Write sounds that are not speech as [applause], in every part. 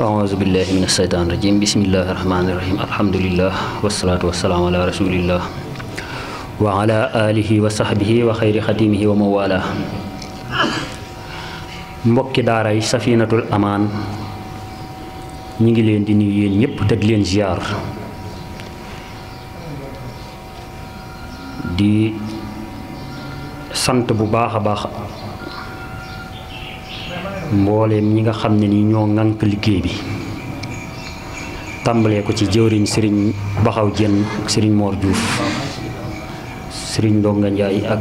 أعوذ بالله من الشيطان الرجيم بسم الله الرحمن الرحيم الحمد لله والصلاة والسلام على رسول الله وعلى آله وصحبه وخير خديمه وموالاه mbokki daara yi safinatul amaan ñu ngi leen di nuyu yéen ñëpp te di leen ziar di sant bu baax a baax mbooleem ñi nga xam ne ni ñoo ŋànk liggéey bi tàmbalee ko ci jëwriñ sëriñ Baxaw Jeen sëriñ Moor Diouf sëriñ Ndonga Njaay ak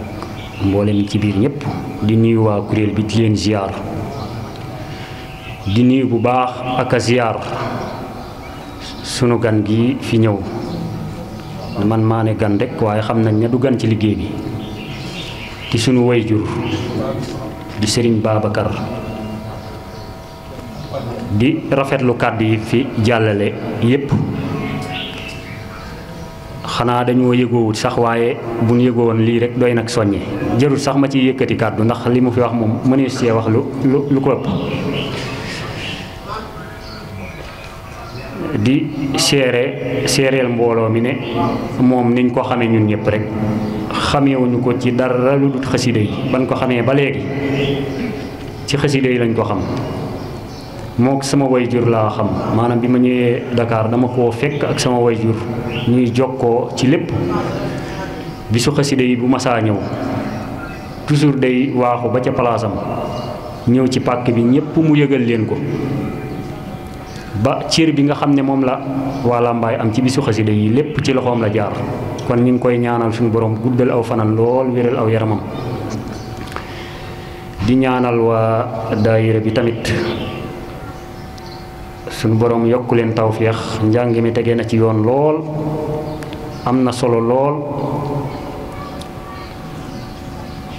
mbooleem ci biir ñépp di nuyu waa kuréel bi di leen ziar di nuyu bu baax ak a ziar sunu gan gi fi ñëw man maa ne gan rekk waaye xam na ne du gan ci liggéey bi di sunu wayjur di sëriñ Babacar di rafetlu kàddu yi fi jàllale yépp xanaa dañoo yëgoowut sax waaye bu ñu yëgoowoon lii rek doy nag soññe jërul sax ma ci yëkkati kàddu ndax li mu fi wax moom mënees cee wax lu lu lu ko ëpp di seere seereel mbooloo mi ne moom niñ ko xamee ñun ñëpp rek xamewuñu ko ci dara lu dul xasida yi ban ko xamee ba léegi ci xasida yi lañ ko xam mook sama wayjur laa xam maanaam bi ma ñëwee Dakar dama koo fekk ak sama wayjur ñuy jokkoo ci lépp bisu xasida yi bu masaa ñëw toujours day waaxu ba ca palaasam ñëw ci pàkk bi ñépp mu yëgal leen ko ba ciir bi nga xam ne moom la waa Lambaay am ci bisu xasida yi lépp ci loxoom la jaar kon ñu ngi koy ñaanal suñu borom guddal aw fanaan lool wéral aw yaramam di ñaanal waa daayira bi tamit suñu boroom yokk leen tawféex njàng mi tege na ci yoon lool am na solo lool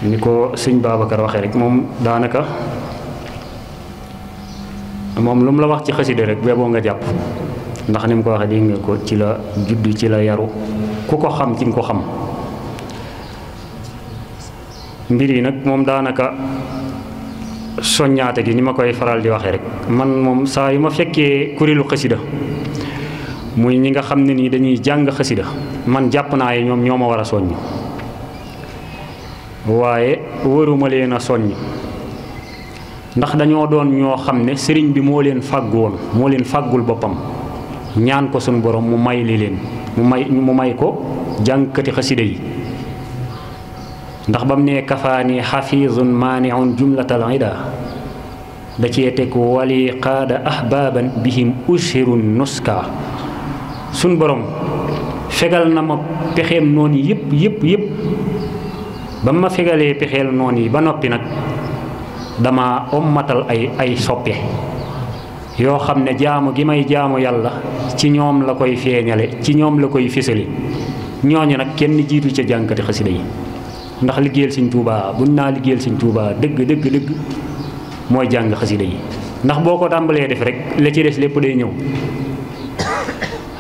ni ko sëñ Babacar waxee rek moom daanaka moom lu mu la wax ci xasida rek bee nga jàpp ndax ni mu ko waxee dégg nga ko ci la juddu ci la yaru ku ko xam ci nga ko xam mbir yi nag moom daanaka soññaate gi ni ma koy faral di waxee rek man moom saa yu ma fekkee kuréelu xasida mu ñi nga xam ne nii dañuy jàng xasida man jàpp naa yi ñoom ñoo ma war a soññ waaye waruma leen a soññ ndax dañoo doon ñoo xam ne sëriñ bi moo leen fàgg woon moo leen fàggul boppam ñaan ko suñu borom mu may li leen mu may mu may ko jàngkati xasida yi ndax ba mu nee kafaani xafiizun maaniun jumlatal ida da cee teg wali qaada ahbaaban bihim ushiru nuska sun borom fegal na ma pexeem noonu yëpp yëpp yëpp ba ma fegalee pexeel noon yi ba noppi nag dama ommatal ay ay soppe yoo xam ne jaamu gi may jaamu yàlla ci ñoom la koy feeñale ci ñoom la koy fisali ñooñu nag kenn jiitu ca jànkati xasida yi ndax liggéeyal sëñ Touba buñ naa liggéeyal sëñ Touba dëgg dëgg dëgg mooy jàng xasida yi ndax boo ko tàmbalee def rek la ci des lépp day ñëw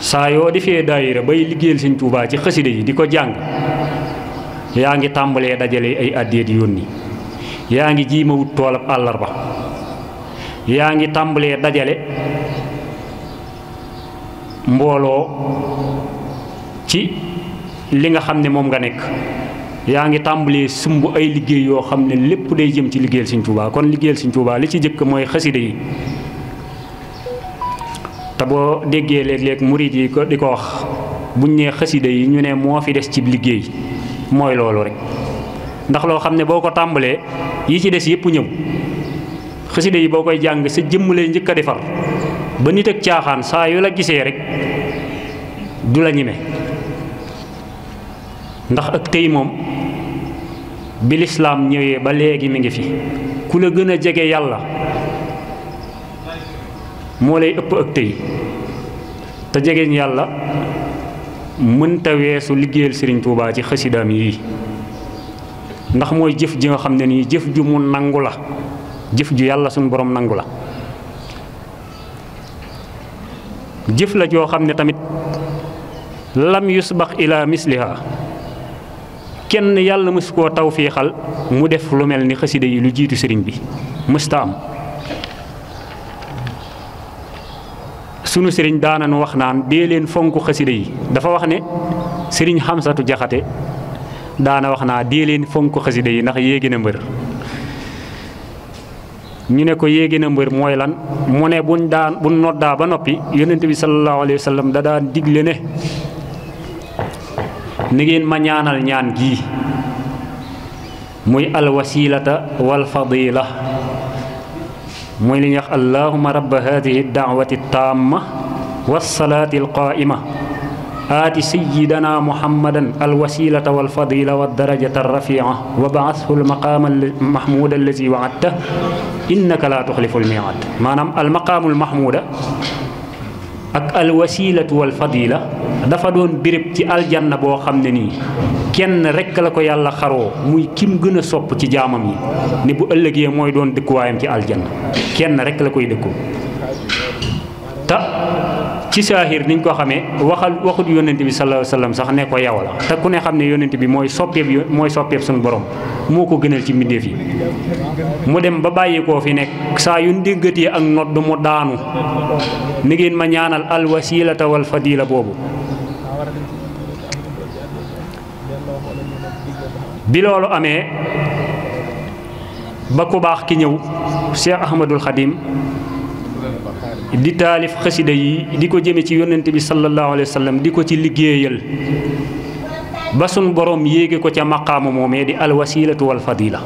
saa yoo defee daayira bay liggéeyal sëñ tuubaa ci xasida yi di ko jàng yaa ngi tàmbalee dajale ay àddiya yoon yónni yaa ngi jiima wut toolab àllarba yaa ngi tàmbalee dajale mbooloo ci li nga xam ne moom nga nekk yaa ngi tàmbalee sumb ay liggéey yoo xam ne lépp day jëm ci liggéeyal Sëñ Tuubaa kon liggéeyal Sëñ Tuubaa li ci jëkk mooy xasida yi te boo déggee léeg-léeg murid ko di ko wax buñ nee xasida yi ñu ne moo fi des ci liggéey mooy loolu rek ndax loo xam ne boo ko tàmbalee yi ci des yëpp ñëw xasida yi boo koy jàng sa jëmm lay njëkk a defar ba nit ak caaxaan saa yu la gisee rek du la ñeme ndax ak tey moom bilislaam lislaam ñëwee ba léegi mi ngi fi ku la gën a jege yàlla moo lay ëpp ak tey te jegeñ yàlla mënta weesu liggéeyal sëriñ Tuubaa ci xasidaam yii ndax mooy jëf ji xam ne nii jëf ju mu nangu la jëf ju yàlla suñu boroom nangu la jëf la joo xam ne tamit lam yusbax ila misliha kenn yàlla mës koo fiixal mu def lu mel ni xasida yi lu jiitu sëriñ bi mësta am sunu sëriñ daanan wax naan dee leen fonk xasida yi dafa wax ne sëriñ xamsatu jaxate daana wax naa dee leen fonk xasida yi ndax yéegi na mbër ñu ne ko yéegi na mbër mooy lan mu ne buñ daan buñ noddaa ba noppi yonent bi sallallahu alayhi wa da daan digle ne ni ngeen ma ñaanal ñaan gii muy alwasilata walfadila muy li ñuy wax allahuma rabba hadihi daawati taama walsalaati alqaima aati sayidana muhammadan alwasilata walfadila waldarajata alrafia wa baathu almaqaama almahmuuda allazi waadta innaka laa tuxlifu almiiaad maanaam almaqaamu almahmuuda ak alwasilatu wal fadila dafa doon béréb ci aljanna boo xam ne nii kenn rekk la ko yàlla xaroo muy kim gën a sopp ci jaamam yi ne bu ëllëgee mooy doon dëkkuwaayam ci aljanna kenn rekk la koy dëkkoo ci saahir niñ ko xamee waxal waxut yónnent bi sallallahu sax ne ko yaw la te ku ne xam ne yónnent bi mooy soppeeb mooy soppeeb suñu borom moo ko gënal ci mbindeef yi mu dem ba bàyyi koo fi nekk saa yu ndéggatee ak nodd mu daanu ni ngeen ma ñaanal alwasilata wal fadila boobu bi loolu amee ba ku baax ki ñëw Cheikh Ahmadul Xadim di taalif xasida yi di ko jëme ci yonent bi sallallahu alayhi wa sallam di ko ci liggéeyal ba borom yéege ko ca maqaamu moomee di alwasilatu wal fadila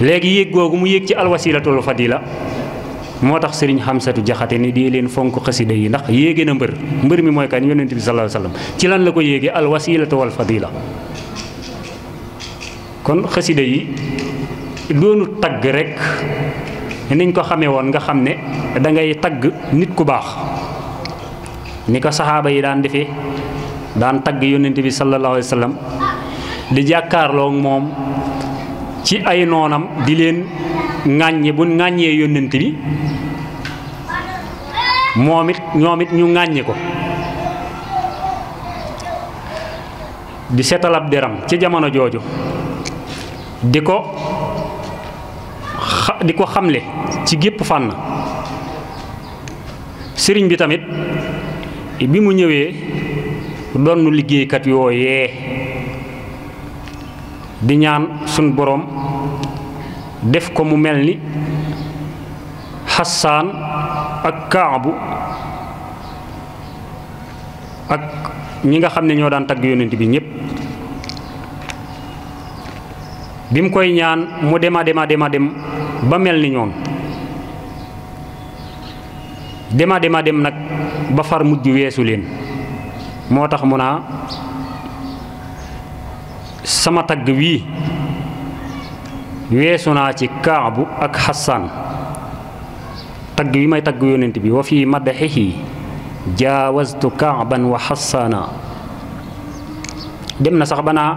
léegi yéeg googu mu yéeg ci alwasilatu wal fadila moo tax sëriñ xamsatu jaxate ni dee leen fonk xasida yi ndax yéege na mbër mbër mi mooy kan yonent bi sallallahu alayhi ci lan la ko yéege alwasilatu wal fadila kon xasida yi doonu tagg rekk niñ ko xamee woon nga xam ne dangay ngay tagg nit ku baax ni ko saxaaba yi daan defee daan tagg yónnent bi sallallahu alayhi wa sallam di jàkkaarloo moom ci ay noonam di leen ŋàññe bu ŋàññee yónnent bi moom it ñoom it ñu ŋàññe ko di seetal ab deram ci jamono jooju di ko di ko xamle ci gépp fànn sëriñ bi tamit bi mu ñëwee doon liggéeykat yooyee di ñaan suñ boroom def ko mu mel ni xasaan ak kaabu ak ñi nga xam ne ñoo daan tagg yonent bi ñépp bi mu koy ñaan mu dema dema dema dem ba mel ni ñoom dema dema dem nag ba far mujj weesu leen moo tax mu naa sama tagg wii weesu naa ci kaabu ak xasaan tagg wi may tagg yonent bi wa fi madaxihi jaawastu ban wa xasaana dem na sax banaa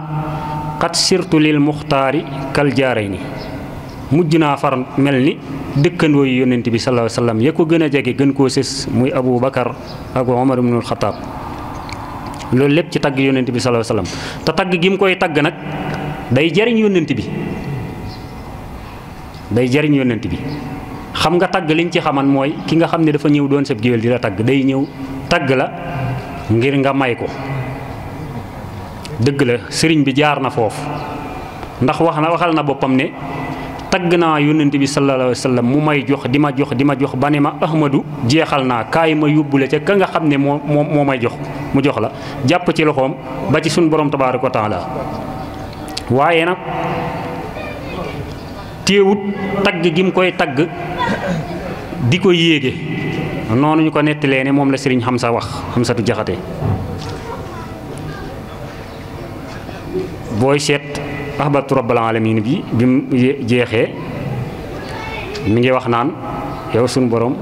qad sirtu lil muxtaari kal jaarayni mujj naa far mel ni dëkkandoo yi yonent bi sallallahu alayhi wa sallam ya ko gën a jege gën koo sës muy Abu Bakar ak Omar ibnul Xataab loolu lépp ci tagg yonent bi sallallahu alayhi te tagg gi mu koy tagg nag day jariñ yonent bi day jariñ yonent bi xam nga tagg liñ ci xaman mooy ki nga xam ne dafa ñëw doon sab géwél di la tagg day ñëw tagg la ngir nga may ko dëgg la sëriñ bi jaar na foofu ndax wax waxal na boppam ne tagg naa yónnent bi sallallahu alayhi wa sallam mu may jox di ma jox di ma jox ba ne ma ahmadu jeexal naa kaay ma yóbbule ca ka nga xam ne moo moom moo may jox mu jox la jàpp ci loxoom ba ci suñ borom tabaaraka wa taala waaye nag téewut tagg gi mu koy tagg di ko yéege noonu ñu ko nettalee ne moom la sëriñ sa wax Xamsatu Jaxate booy seet ahbabtu rabbal alamin bi bi mu jeexee mu ngi wax naan yow suñu borom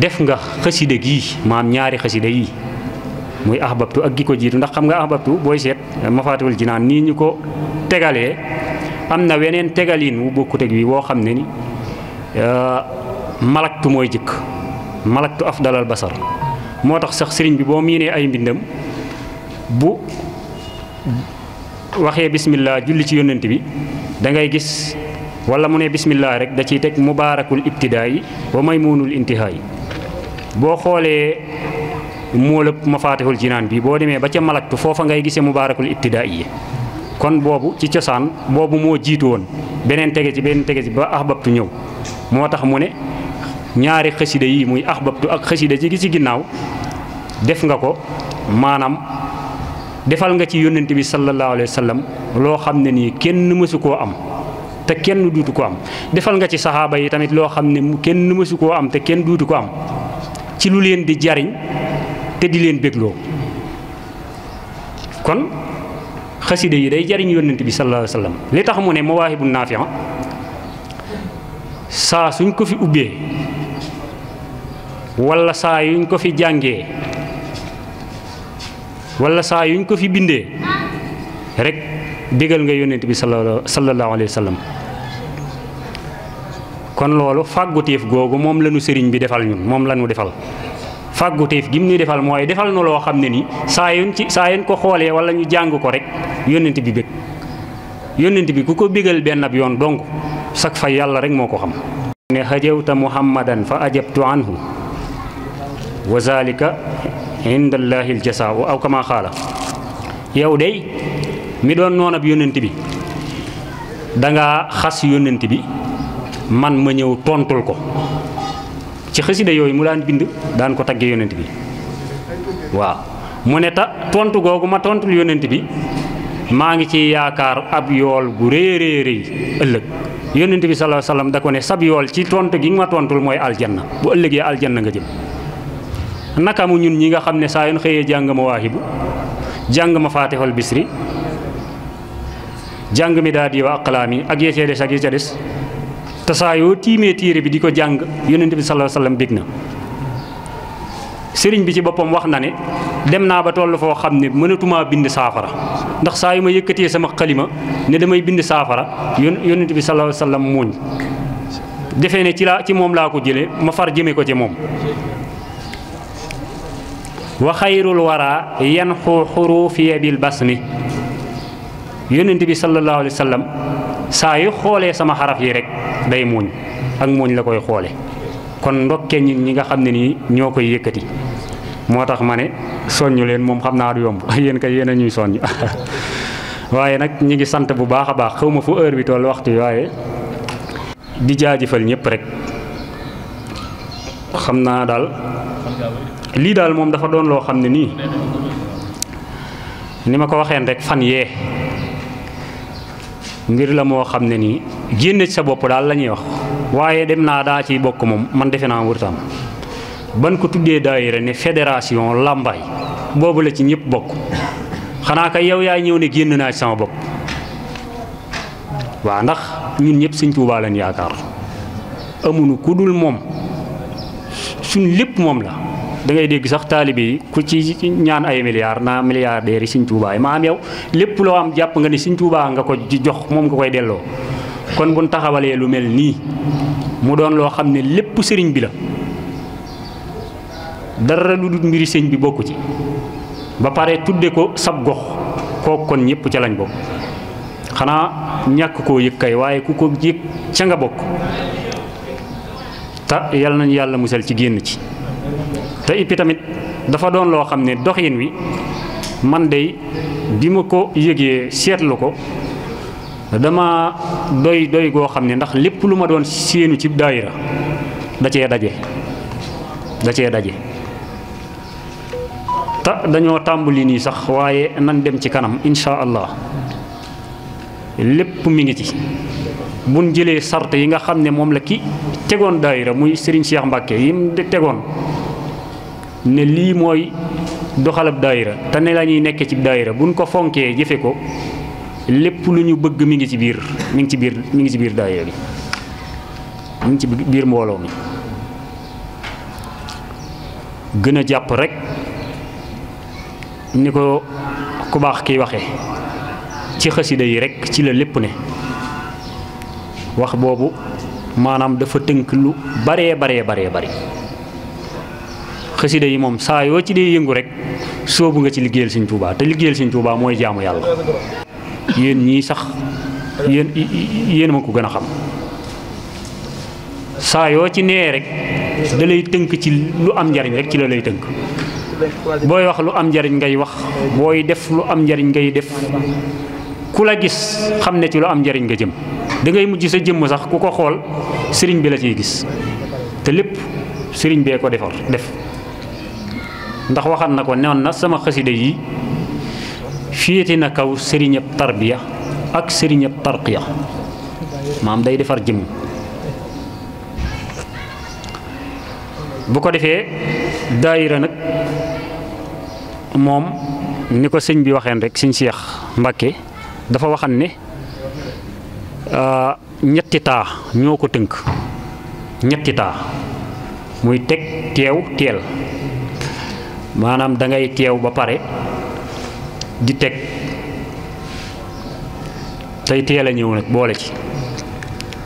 def nga xasida gii maam ñaari xasida yi muy ahbabtu ak gi ko jiitu ndax xam nga ahbabtu booy seet ji naan nii ñu ko tegalee am na weneen tegaliin wu bokkuteg wi woo xam ne ni euh, malaktu mooy jëkk malaktu afdalal basar moo tax sax sëriñ bi boo miinee ay mbindam bu waxee bismillah julli ci yónnent bi da ngay gis wala mu ne bismillah rek da ciy teg mubaarakul ibtidaa yi wa maymuunul intihaa yi boo xoolee ma mafaatihul jinaan bi boo demee ba ca malaktu foofa ngay gisee mubaarakul ibtidaa yi kon boobu ci cosaan boobu moo jiitu woon beneen tege ci beneen tege ci ba ahbabtu ñëw moo tax mu ne ñaari xasida yi muy ahbabtu ak xasida ci gi ci ginnaaw def nga ko maanaam defal nga ci yónnent bi sallallahu alayhi wa sallam loo xam ne nii kenn mësu koo am te kenn duutu ko am defal nga ci saxaaba yi tamit loo xam ne mu kenn mësu koo am te kenn duutu ko am ci lu leen di jariñ te di leen bégloo kon xaside yi day jariñ yónnent bi sallallahu alayhi wa li tax mu ne mawaahibu naafi saa suñ ko fi ubbee wala saa yuñ ko fi jàngee wala saa yuñ ko fi bindee rek bégal nga yónnent bi sallallahu alayhi wa sallam kon loolu fàgguteef googu moom lañu sëriñ bi defal ñun moom lañu defal fàgguteef gi mu ñuy defal mooy defal na loo xam ne nii saa yuñ ci saa yuñ ko xoolee wala ñu jàng ko rek yónnent bi bég yónnent bi ku ko bégal benn ab yoon donc sak fay yàlla rek moo ko xam ne xajawta muhammadan fa ajabtu anhu wa zalika inda allahi aljasa aw kama xaala yow dey mi doon noon noonab yónnent bi danga xas yónnent bi man ma ñëw tontul ko ci xasida yooyu mu daan bind daan ko tagge yónnent bi waaw mu ne ta tontu googu ma tontul yónnent bi maa ngi ci yaakaar ab yool gu rëy rëy rëy ëllëg yónnent bi salaa alayhi wasallam da ko ne sab yool ci tontu gi ma tontul mooy aljanna bu ëllëgee aljanna nga jëm mu ñun ñi nga xam ne saa yoon xëyee jàng ma waahibu jàng ma faatixal bisri jàng mi daal di wa aqlaami ak yee ca des ak yee ca des te saa yoo tiimee téere bi di ko jàng yonent bi sallallahu alayhi wasallam na sëriñ bi ci boppam wax na ne dem naa ba toll foo xam ne mënatumaa bind saafara ndax saa yu ma yëkkatee sama xalima ne damay bind saafara yon yonent bi sallallahu alayhi wasallam ne ci laa ci moom laa ko jëlee ma far jëmee ko ci moom wa xayrul wara yanxu xurufiya bil basmi yonent bi sallallahu alayhi wa sallam saa yu xoolee sama xaraf yi rek day muuñ ak mooñ la koy xoole kon ndokkee ñun ñi nga xam ne nii ñoo koy yëkkati moo tax ma ne soññu leen moom xam naa du yomb [laughs] yéen kay yéen a ñuy soññ [laughs] waaye nag ñi ngi sant bu baax a baax xëw ma fu heure bi toll waxtu waaye di jaajëfal ñépp rek xam naa daal lii daal moom dafa doon loo xam ne nii ni ma ko waxeen rek fan yee mbir la moo xam ne nii génn ci sa bopp daal la ñuy wax waaye dem naa daa ci bokk moom man defe naa wërtam ban ko tuddee daayira ne fédération làmbaay boobu la ci ñëpp bokk xanaa kay yow yaay ñëw ne génn naa ci sama bopp waaw ndax ñun ñëpp Sëñ Tuubaa lañ yaakaar amuñu ku dul moom suñ lépp moom la dangay dégg sax taalibe yi ku ci ñaan ay milliards naa milliardaires yi Sëñ Tuubaa maa maanaam yow lépp loo am jàpp nga ne Sëñ Tuubaa nga ko jox moom nga koy delloo kon buñ taxawalee lu mel nii mu doon loo xam ne lépp sëriñ bi la dara lu dul mbiri sëñ bi bokku ci ba pare tudde ko sab gox kook kon ñépp ca lañ bokk xanaa ñàkk koo yëg kay waaye ku ko yëg ca nga bokk te yal nañu yàlla musal ci génn ci te ippi tamit dafa doon loo xam ne doxin wi man dey bi ma ko yëgee seetlu ko dama doy doy goo xam ne ndax lépp lu ma doon séenu ci daayira da cee daje da cee daje te dañoo tàmbali nii sax waaye nan dem ci kanam insha allah lépp mi ngi ci buñ jëlee sart yi nga xam ne moom la ki tegoon daayira muy Serigne Cheikh Mbacke yim tegoon ne lii mooy doxalab daayira te ne la ñuy nekkee ci daayira buñ ko fonkee jëfe ko lépp lu ñu bëgg mi ngi ci biir mu ngi ci biir mi ngi ci biir daayira bi mi ngi ci biir mbooloo mi gën a jàpp rek ni ko ku baax kiy waxe ci xasida yi rek ci la lépp ne wax boobu maanaam dafa tënk lu baree baree baree bari xasida yi moom saa yoo ci dee yëngu rek soobu nga ci liggéeyal sëñ Tuubaa te liggéeyal sëñ Tuubaa mooy jaamu yàlla yéen ñii sax yéen yéen ma ko gën a xam saa yoo ci nee rek da tënk ci lu am njariñ rek ci la lay tënk booy wax lu am njariñ ngay wax booy def lu am njariñ ngay def ku la gis xam ne ci lu am njariñ nga jëm dangay mujj sa jëmm sax ku ko xool sëriñ bi la ciy gis te lépp sëriñ bee ko defar def ndax waxat na ko newoon na sama xasida yi féete na kaw sëriñëb tarbiya ak sëriñëb tarqiya maam day defar jëm bu ko defee daayira nag moom ni ko sëñ bi waxeen rek sëñ Seex Mbàkke dafa waxan ne euh, ñetti taa ñoo ko tënk ñetti taa muy teg teew teel maanaam dangay teew ba pare di teg tey teel a ñëw nag boole ci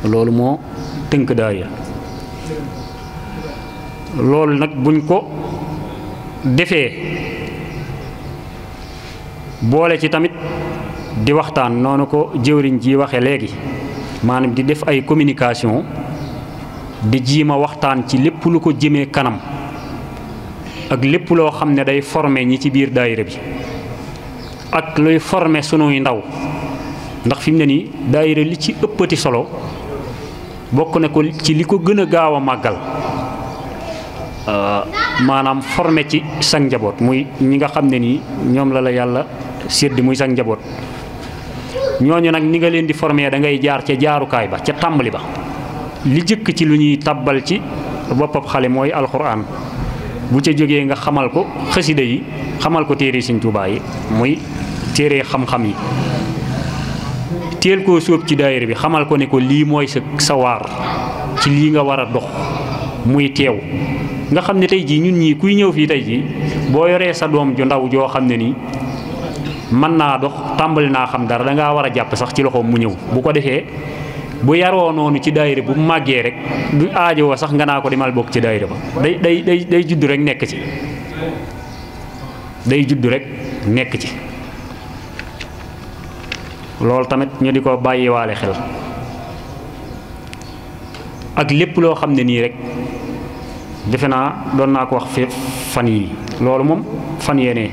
loolu moo tënk daaya loolu nag buñ ko defee boole ci tamit di waxtaan noonu ko jëwriñ ji waxe léegi maanaam di def ay communication di jiima waxtaan ci lépp lu ko jëmee kanam ak lépp loo xam ne day former ñi ci biir daayira bi ak luy former sunuy ndaw ndax fi ne nii daayira li ci ëppati solo bokk na ko ci li ko gën a gaaw a màggal euh, maanaam former ci sang njaboot muy ñi nga xam ne nii ñoom la la yàlla sedd muy sang njaboot ñooñu nag ni nga leen di former da ngay jaar ca jaarukaay ba ca tàmbali ba li jëkk ci lu ñuy tàbbal ci boppam xale mooy alxuraan bu ca jógee nga xamal ko xasida yi xamal ko téere Sëñ Tuubaa yi muy téere xam-xam yi teel koo sóob ci daayira bi xamal ko ne ko lii mooy sa sa ci lii nga war a dox muy teew nga xam ne tey jii ñun ñii kuy ñëw fii tey jii boo yoree sa doom ju ndaw joo xam ne nii mën naa dox tàmbali naa xam dara dangaa war a jàpp sax ci loxoom mu ñëw bu ko defee bu yaroo noonu ci dayre bu màggee rek du aajowoo sax nga naa ko demal bokk ci daayira ba day day day juddu judd rek nekk ci day juddu rek nekk ci loolu tamit ñu di ko bàyyiwaale xel ak lépp loo xam ne nii rek defe naa doon naa ko wax fi fan yii loolu moom fan yee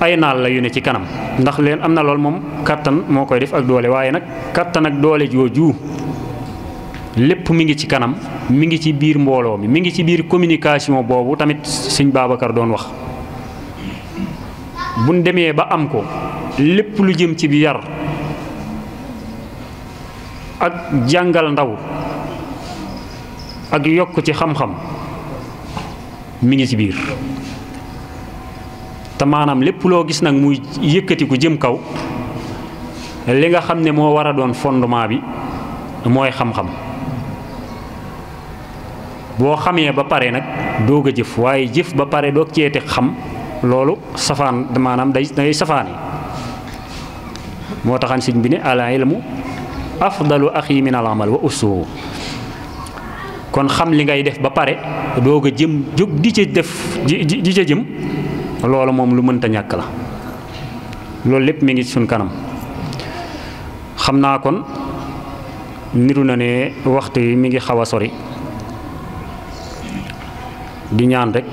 ay naal la yu ne ci kanam ndax leen am na lool moom kàttan moo koy def ak doole waaye nag kàttan ak doole jooju lépp mu ngi ci kanam mi ngi ci biir mbooloo mi mi ngi ci biir communication boobu tamit sëñ baabakar doon wax buñ demee ba am ko lépp lu jëm ci bi yar ak jàngal ndaw ak yokk ci xam-xam mi ngi ci biir te maanaam lépp loo gis nag muy yëkkatiku jëm kaw li nga xam ne moo war a doon fondement bi mooy xam-xam boo xamee ba pare nag doog jëf waaye jëf ba pare doog ceeti xam loolu safaan maanaam day day safaani moo taxan sëñ bi ne al ilmu afdalu kon xam li ngay def ba pare doog jëm jóg di ca def di ca jëm loolu moom lu mënta ñàkk la loolu lépp mi ngi suñ kanam xam naa kon niru na ne waxtu yi mi ngi xaw a sori di ñaan rekk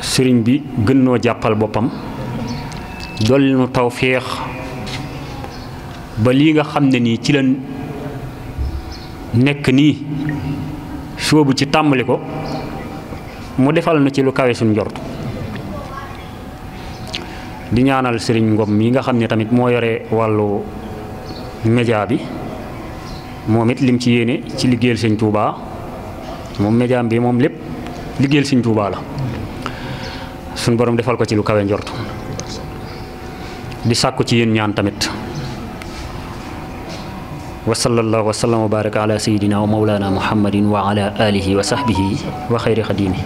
sëriñ bi gën noo jàppal boppam dolli taw tawféex ba lii nga xam ne nii ci la nekk nii soobu ci tàmbali ko mu defal na ci lu kawe suñ njort di ñaanal sëriñ Ngom mi nga xam ne tamit moo yore wàllu média bi moom it lim ci yéene ci liggéeyal sëñ Touba moom média bi moom lépp liggéeyal sëñ Touba la suñ borom defal ko ci lu kawe njort di sàkku ci yéen ñaan tamit wa sallallahu wa sallam wa baraka ala sayidina wa maulana muhammadin wa ala alihi wa sahbihi wa xayri xadimi